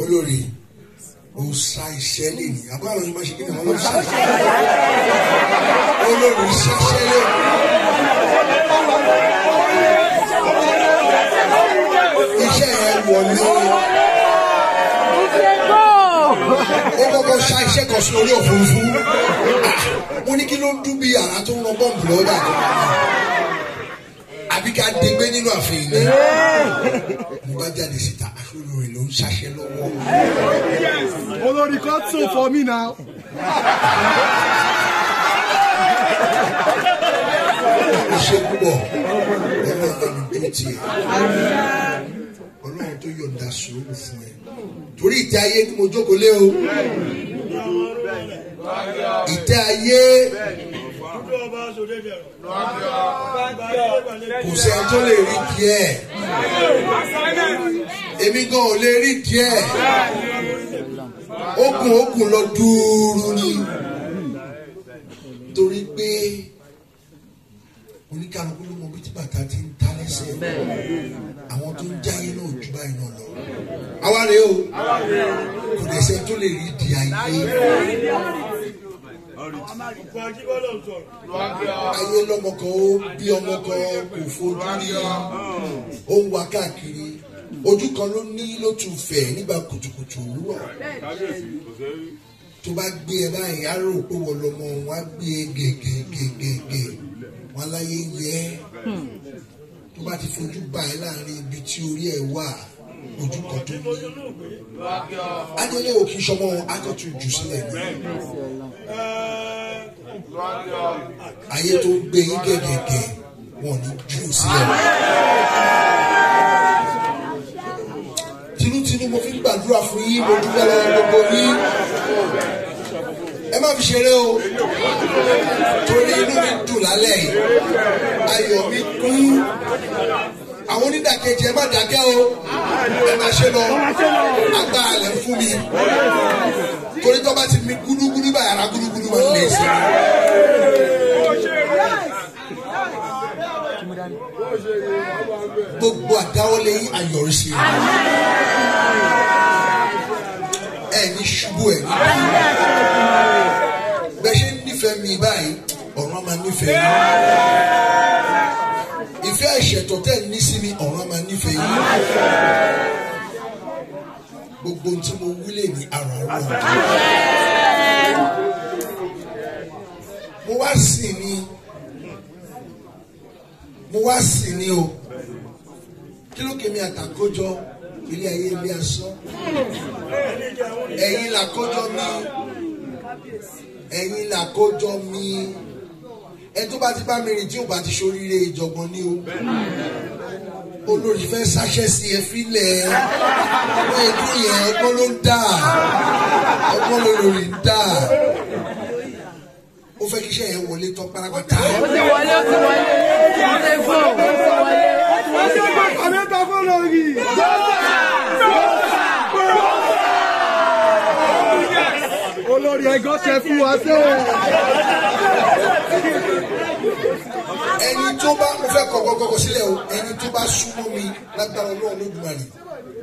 olórí ó ń sa iṣẹ́ lẹ́nu àbúrò àwọn ọmọ ṣe kí ni wọ́n sá iṣẹ́ lẹ́nu olórí ṣiṣẹ́ lẹ́nu iṣẹ́ yẹn wọlé ó kọ́kọ́ sa iṣẹ́ kan sí orí òfurufú ah, mo ní kí ló dún bí yàrá tó ń rọ bọ́ǹbù lọ́dà àbí ká dégbé nínú ààfin ilé mo bá jáde síta aṣọ́rò rẹ̀ ló ń ṣàṣẹ lọ́wọ́. olórí kan tún fọ mí náà. ó ṣe púpọ̀ ẹ̀rọ ìdánilójú tiẹ̀ ọlọ́run tó yọ̀ǹda sùúrù fún ẹ torí ìtẹ́ ayé mo jókòó lé o ìtẹ́ ayé kò sẹ́ni tó lè rí díẹ̀ èmi gan ò lè rí díẹ̀ ogun ogun lọ dúró ni torí pé oníkàlùkù ló mọ bí tí bàtà ti ń ta lẹ́sẹ̀ àwọn tó ń jáyé náà jù báyìí náà lọ àwa rèé o kò dẹ̀ tó lè rí di ayé ayé lọ́mọ kan ó bí ọmọ kan kò fojú rí ó ń wá káàkiri ojú kan ló ní ló tún fẹ̀ nígbà kùtùkùtù òwúrọ̀ tó bá gbé ẹ báyìí á pé wọ́n lọ́mọ wọn á gbé e gègègègè wọn láyé yẹ tó bá ti fojú bá ẹ láàrin ibi tí orí ẹ wà ojú kan tó ní. adélé òkè sọmọ akọ̀tún jù sílẹ̀ ní ayé tó gbé yín gẹ̀gẹ̀gẹ̀ wọn ní jù sílẹ̀. tinútinú mo fi ń gbàdúrà fún yín mo dúpẹ́ lọ́wọ́ gbogbo yín ẹ má fi ṣeré o torí inú mi dùn lálẹ́ yìí ayọ̀ mi kún àwọn onídàkejì ẹ má dákẹ́ o ẹ má ṣe lọ agbára lẹ̀ ń fún mi torí tó bá ti mi gúdúgúdú báyìí gúdúgúdú máa lè sí gbogbo àdáwọ́lé yín àyọrí ẹ ní ṣubú ẹ ní. bẹ́ẹ̀ ṣe ń mi báyìí ọ̀run máa nífẹ̀ẹ́ yín. ìfẹ́ àìṣẹ̀tọ̀ tẹ̀ ní sí mi ọ̀run máa nífẹ̀ẹ́ yín. gbogbo tí mo wílé ní ara rẹ̀. mo wá sí ni mo wá sí ni o kí ló kèmí àtàkójọ ilé ayé ilé asọ ẹ̀yin làkójọ mi ẹ̀yin làkójọ mi ẹ tó bá ti bá mi rìn tí ò bá ti ṣoríire ìjọ̀gbọ̀n ni o olórí fẹ́ sáṣẹ́ sí ẹ filẹ̀ ọmọ ẹbí yẹn ọgbọ́n ló ń dà ọgbọ́n ló lórí ń dà ó fẹ́ kí iṣẹ́ yẹn wọlé tán pátápátá. ó ti wọlé ó ti wọlé ó ti wọlé fún ọ. Gandhi! olórí ẹgọ́ ṣe fún wa ṣe. ẹni tó bá mo fẹ́ kọ̀kọ̀kọ̀ sílẹ̀ o ẹni tó bá súnmọ́ mi lágbára ọlọ́run ló dùn àlè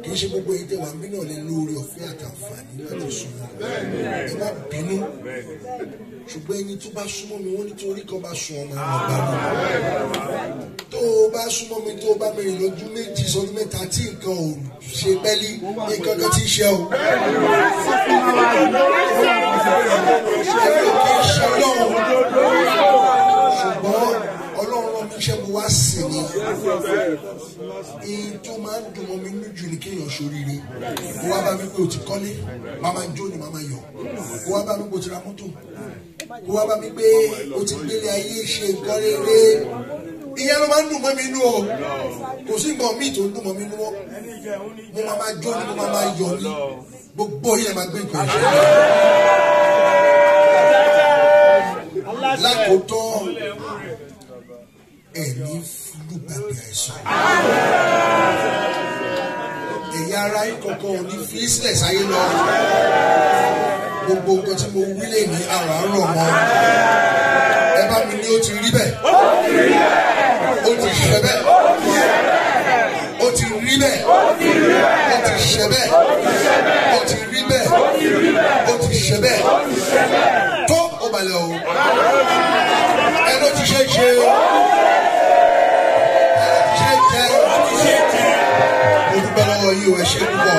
kì í ṣe gbogbo èdè wa mí náà lè lóore ọ̀fẹ́ àtàǹfààní láti súnmọ́ ẹ má bínú ṣùgbọ́n ẹni tó bá súnmọ́ mi wọ́n nítorí kan bá sun ọmọ ẹ̀rọ bá mi tó o bá súnmọ́ mi tó o bá mi rìn lójú méjì sọdún mẹ́ta tí nǹkan ò ṣe pẹ́lí ní kankan tí ń ṣe o. ẹ̀rọ kì í ṣe ọlọ́run ṣùgbọ́n ọlọ́run ọmọ iṣẹ́ mi wá sí ni èyí tó máa ń dùn mọ́ mi lójú ni ṣoríire kó wá bá mi pé o ti kọ́lé màmá jó ni màmá yọ kó wá bá mi pé o ti ra mọ́tò kó wá bá mi pé o ti gbélé ayé ṣe nǹkan rere ìyẹn ló máa ń dùn mọ́ mi nú o kò sí nǹkan míì tó ń dùn mọ́ mi nú o mo máa máa jó ni mo máa máa yọ ni gbogbo yẹn máa gbé nǹkan ṣe. lákòótọ́ ẹ̀mí lùgbàgbé àìsàn ara yín kankan ò ní fi sílẹ̀ sáyé lọ. Gbogbo nǹkan tí mo wí lè ní àrà ń mọ́. Ẹ bá mi ní ó ti rí bẹ́ẹ̀. Ó ti rí bẹ́ẹ̀. Ó ti ṣe bẹ́ẹ̀. Ó ti ṣe bẹ́ẹ̀. Ó ti rí bẹ́ẹ̀. Ó ti rí bẹ́ẹ̀. Ó ti ṣe bẹ́ẹ̀. Ó ti ṣe bẹ́ẹ̀. Ó ti rí bẹ́ẹ̀. Ó ti rí bẹ́ẹ̀. Ó ti ṣe bẹ́ẹ̀. Ó ti ṣe bẹ́ẹ̀. Tó o balẹ̀ o. Ẹ ló ti ṣe é ṣe. ẹ̀ṣẹ̀ pọ̀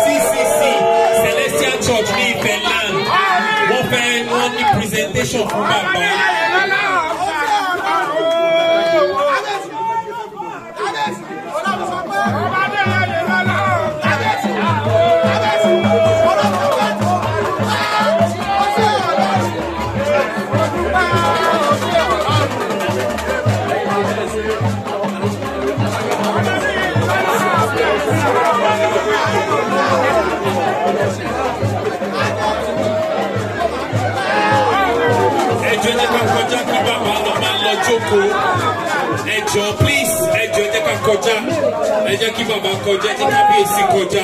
CCC Celestial Church me Ìfẹ́ land wọ́n fẹ́ wọ́n ní presentation fún bàbá. lọ jókòó ẹ please ẹ jọ̀ọ́ ẹ jẹ́ ká kọjá ẹ jẹ́ kí bàbá kọjá ẹ jẹ́ kábíyèsí kọjá.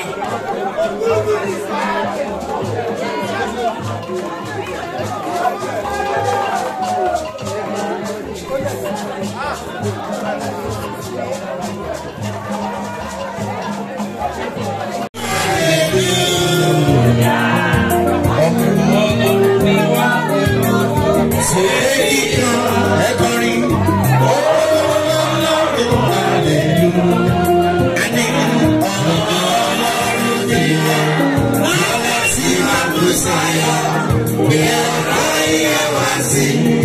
eu assim.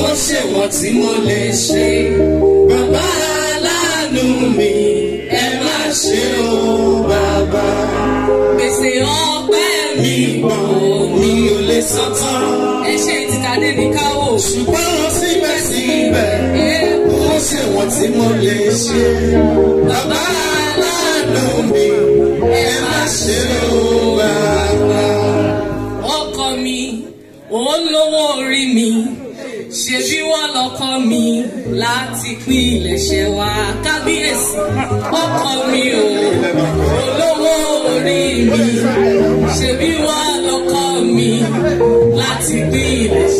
wọ́n ṣe wọ́n tí mo lè ṣe bàbá aláàánú mi ẹ má mi pọ̀ mi ò lè sọ tán. ẹ ṣe ìtìtàdé ní káwọ́. ṣùgbọ́n síbẹ̀síbẹ̀ wọ́n ṣe wọ́n ṣe o. láti pín ilẹ̀ṣẹ̀ wa kábíyèsí ọkọ mi o olówó orí mi ṣèbí wa lọkọ mi láti pín ilẹ̀ṣẹ̀.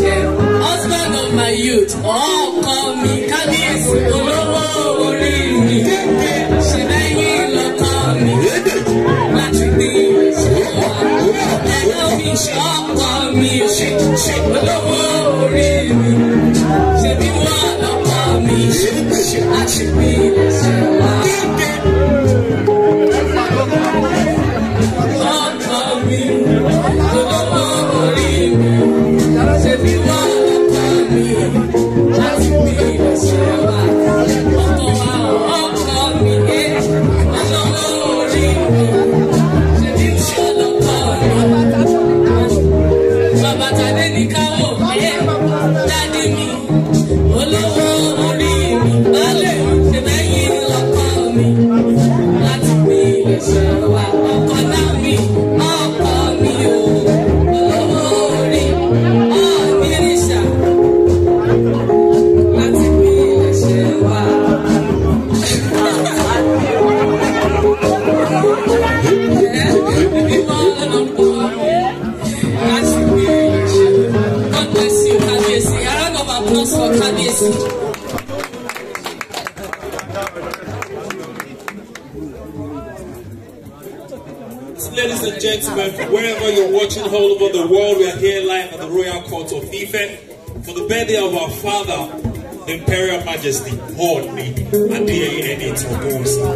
gentlemen, wherever you're watching all over the world, we are here live at the Royal Court of Ife for the birthday of our father, the Imperial Majesty, Me, and D.A.N.A. Togosa.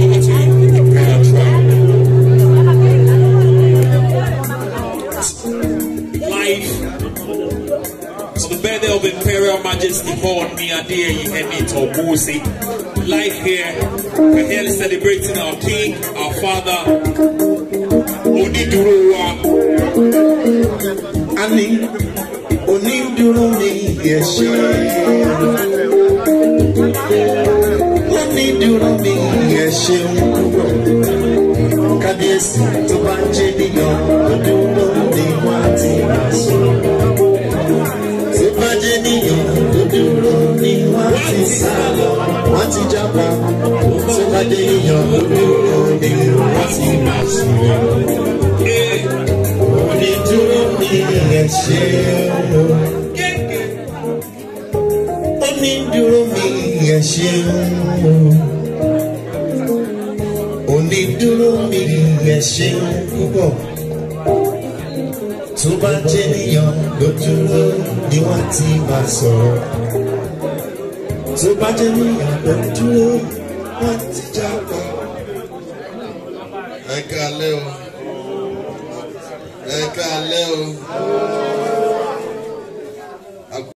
Over to you with the prayer trial. Life. So the birthday of Imperial Majesty, Hornby, and D.A.N.A. Togosa. Life here. We're here celebrating our king, our father, onídùúró wa a ní onídùúró ní ẹ̀ṣẹ̀ onídùúró ní ẹ̀ṣẹ̀ kábíyèsí tó bá ń jẹ́ nìyàn onídùúró ní wá ti rà sọ tó bá jẹ́ nìyàn onídùúró ní wá ti sá lọ ti jápa tó bá jẹ́ nìyàn onídùúró ní wá ti rà sọ yẹn ṣe o. ó ní dúró mi yẹn ṣe o. ó ní dúró mi yẹn ṣe púpọ̀. tó bá jẹ́ níyàn ló dúró ni wọ́n ti máa sọ̀rọ̀. tó bá jẹ́ níyàn ló wọ́n ti jápa. ẹ ká lé o. Carlão.